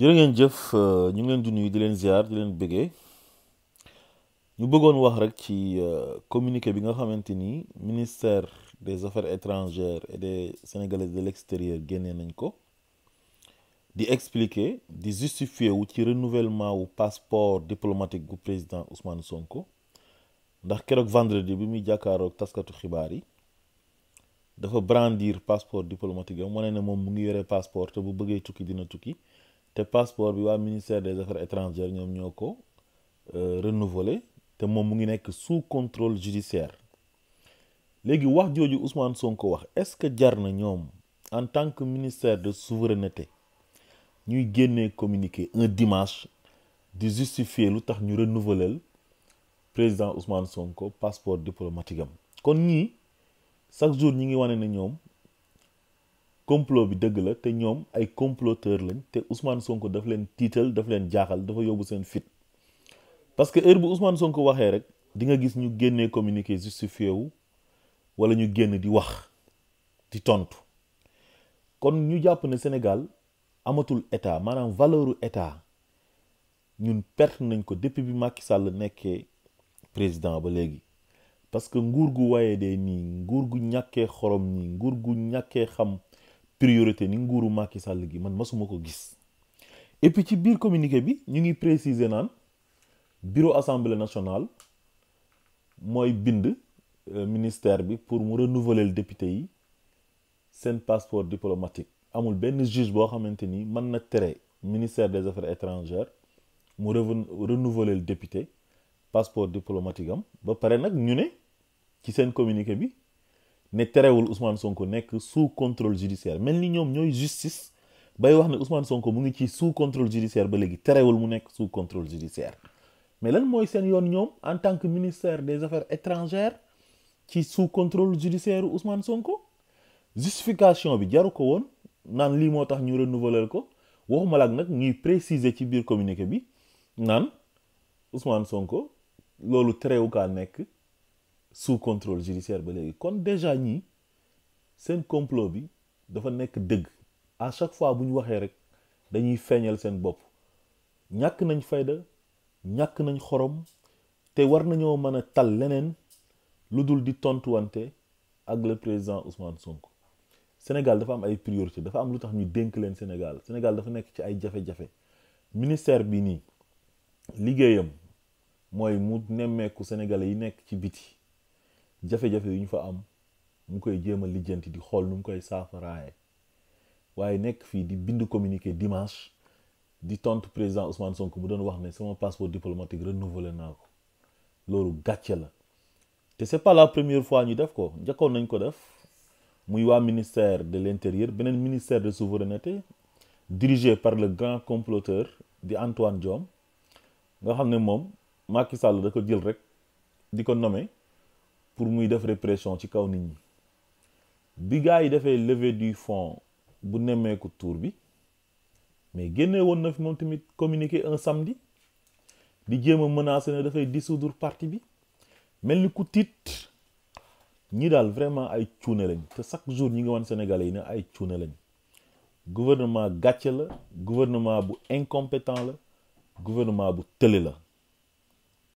jërë ngeen jëf euh, ñu ngi leen di nuyu di leen ziar di leen bëggee ñu bëggoon wax rek ci euh, communiqué bi nga xamante ni ministère des affaires étrangères et des sénégalais de l'extérieur génnee nañ ko di expliquer di justifier wu ci renouvellement wu passeport diplomatique gu président Ousmane Sonko ndax keroog vendredi bi muy jàkkaaroog taskatu xibaar yi dafa brandir passeport diplomatique am wane ne moom mu ngi yore passeport te bu bëggee tukki dina tukki. te passeport bi waa ministère des affaires étrangères ñoom ñoo ko euh, renouveler te moom mu ngi nekk sous contrôle judiciaire léegi wax jooju Ousmane Sonko wax est-ce que jar na ñoom en tant que ministère de souveraineté ñuy génne communiqué un dimanche di justifier lu tax ñu renouveler président Ousmane Sonko passeport diplomatique am kon ñii chaque jour ñi ngi wane ne ñoom complot bi dëgg la te ñoom ay comploteur lañ te Ousmane Sonko daf leen tiital daf leen jaaxal dafa yóbbu seen fit parce que heure bu Ousmane Sonko waxee rek di nga gis ñu génnee communiqué justifié wu wala ñu génn di wax di tontu kon ñu jàpp ne Sénégal amatul état maanaam valeuru état ñun perte nañ ko depuis bi Macky Sall nekkee président ba léegi parce que nguur gu waaye dee nii nguur gu ñàkkee xorom nii nguur gu ñàkkee xam priorité ni nguuru Macky sàll gi man masuma ko gis et ci biir communiqué bi ñu ngi préciser naan bureau assemblée national mooy bind euh, ministère bi pour mu renouveler député yi seen passeport diplomatique amul benn juge boo xamante ni mën na tere ministère des affaires étrangères mu renouveler député passeport diplomatique am ba pare nag ñu ne ci seen communiqué bi ne terewul Ousmane Sonko nekk sous contrôle judiciaire mel ni ñoom ñooy justice bay wax ne usman Sonko mu ngi ci sous contrôle judiciaire ba léegi terewul mu nekk sous contrôle judiciaire mais lan mooy seen yoon ñoom en tant que ministère des affaires étrangères ci sous contrôle judiciaire Ousmane Sonko justification bi jaru ko woon naan lii moo tax ñu renouveler ko waxuma la nag ñuy préciser ci biir communiqué bi naan Ousmane Sonko loolu terewukaa nekk. sous contrôle judiciaire ba léegi kon déjà ñii seen complot bi dafa nekk dëgg à chaque fois bu ñu waxee rek dañuy feeñal seen bopp ñàkk nañ fayda ñàkk nañ xorom te war nañoo mën a tal leneen lu dul di tontuwante ak le président Ousmane Sonko Sénégal dafa am ay priorité dafa am lu tax ñu dénk leen Sénégal Sénégal dafa nekk ci ay jafe-jafe ministère bi nii liggéeyam mooy mu nemmeeku sénégalais yi nekk ci biti jafe-jafe ñu président Ousmane Sonko passeport diplomatique renouvelé la c'est pas la première fois ñu def ko njëkkoon nañ ko def muy le ministère de l'intérieur le ministère de souveraineté dirigé par le grand comploteur di Antoine John. nga xam ne Macky Sall da ko jël pour muy def répression ci kaw nit ñi bi gars yi defee leve du fonds bu nemmeeku tour bi mais génne woon na fi moom tamit communiqué un samedi di jéem a menacé ne dafay dissoudre parti bi mel ni ku tiit ñi daal vraiment ay cuune lañ te chaque jour ñi nga wan Sénégalais yi ne ay cuune lañ gouvernement gàcce la gouvernement bu incompétent la gouvernement bu tële la